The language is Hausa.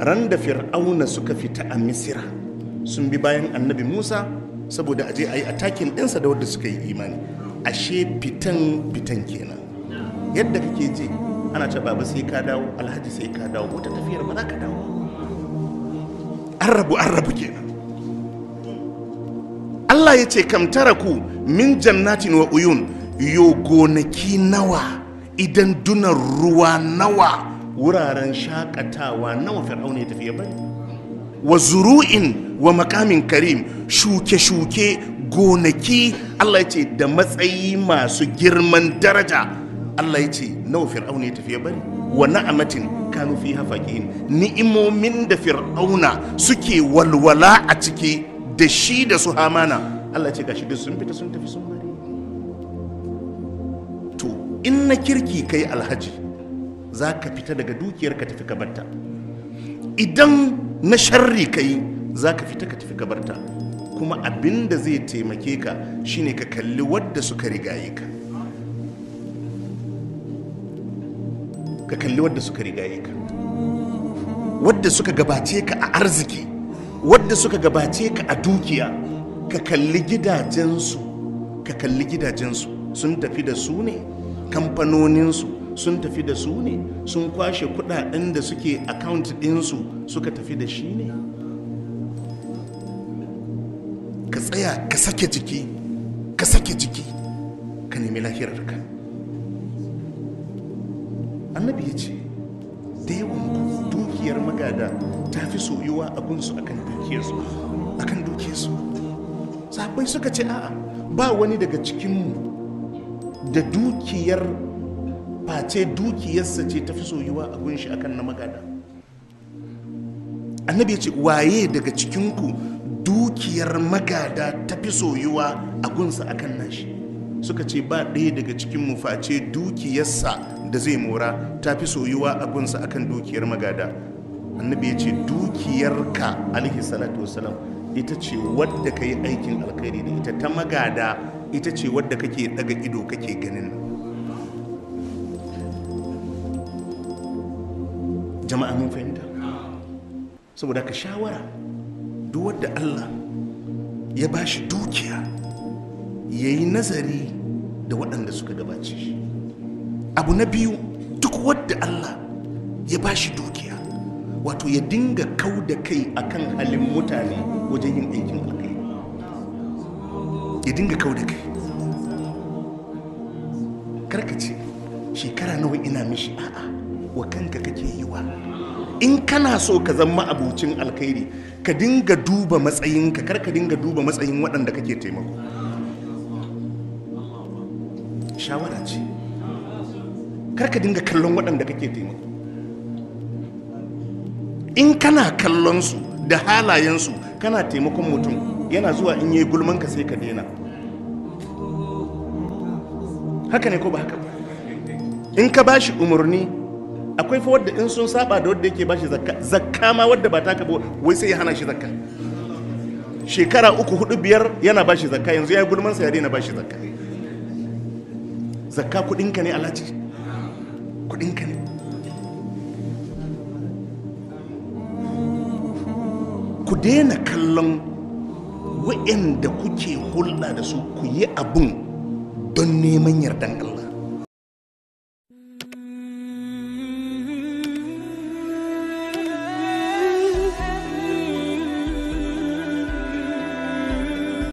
ran da fir'auna suka fita a misira sun bi bayan annabi musa saboda aje a yi atakin ɗinsa da wadda suka yi imani ashe fitan fitan kenan yadda kake je ana ce baba sai ka dawo alhaji sai ka dawo wata tafiyar ba za ka dawo an rabu an rabu kenan Allah ya ce kamtara ku min jannatin wa uyun yo gonaki nawa idan dunan ruwa nawa wuraren shakatawa nawa fir'auna ya tafi ya bari wa zuru'in wa makamin karim shuke-shuke gonaki Allah ya ce da matsayi masu girman daraja Allah ya ce nawa fir'auna ya tafi ya bari wa na'amatin kanu fi hafaqihin ni'imomin da fir'auna suke walwala a ciki da shi da su hamana Allah ce gashi duk sun fita sun tafi sun bari to in na kirki kai alhaji za ka fita daga dukiyar ka tafi kabarta idan na sharri ka yi za ka fita ka tafi kabarta kuma abin da zai taimake ka shine ka kalli wadda suka rigaye ka ka kalli wadda suka rigaye ka wadda suka gabace ka a arziki wadda suka gabace ka a dukiya ka kalli gidajensu ka kalli gidajensu sun tafi da su ne kamfanoninsu sun tafi da su ne sun kwashe kudaden da suke account ɗinsu suka tafi da shi ne ka tsaya ka sake jiki ka sake jiki ka nemi lahirarka annabi ya ce da yawan dukiyar magada ta fi soyuwa a gunsu akan dukiyarsu akan dukiyarsu sabai suka ce a'a ba wani daga cikinmu da dukiyar face dukiyarsa ce ta fi soyuwa a gunshi kan na magada annabi ce waye daga cikinku dukiyar magada ta fi soyuwa a gunsa a kan nashi suka ce ba ɗaya daga cikin face dukiyarsa da zai mora ta fi soyuwa a gunsa a kan dukiyar magada annabi ya ce dukiyarka alaihi salatu wasalam ita ce wadda ka yi aikin alkhairi da ita ta magada ita ce wadda kake daga ido kake ganin jama'a mun fahimta saboda ka shawara duk wadda allah ya ba shi dukiya ya yi nazari da waɗanda suka gabace shi abu na biyu duk wadda allah ya ba shi dukiya wato ya dinga kau da kai akan halin mutane wajen yin aikin alkai ya dinga kau da kai karkace shekara nawa ina mishi a'a wa kanka kake yi wa in kana so ka zama abucin alkhairi ka dinga duba matsayinka kar ka dinga duba matsayin waɗanda kake taimako shawara ce kar ka dinga kallon waɗanda kake taimako in kana kallon su da halayensu kana taimakon mutum yana zuwa in yi gulmanka sai ka daina haka ne ko ba haka ba in ka bashi umarni akwai fa wadda in sun saba da wadda yake bashi zakka zakka ma wadda ba ta kabo wai sai ya hana shi zakka shekara uku hudu biyar yana bashi zakka yanzu ya yi gulman sa ya daina bashi zakka zakka kudinka ne alhaji kudinka ne ku daina kallon wa'anda kuke hulɗa da su ku yi abun don neman yardan Allah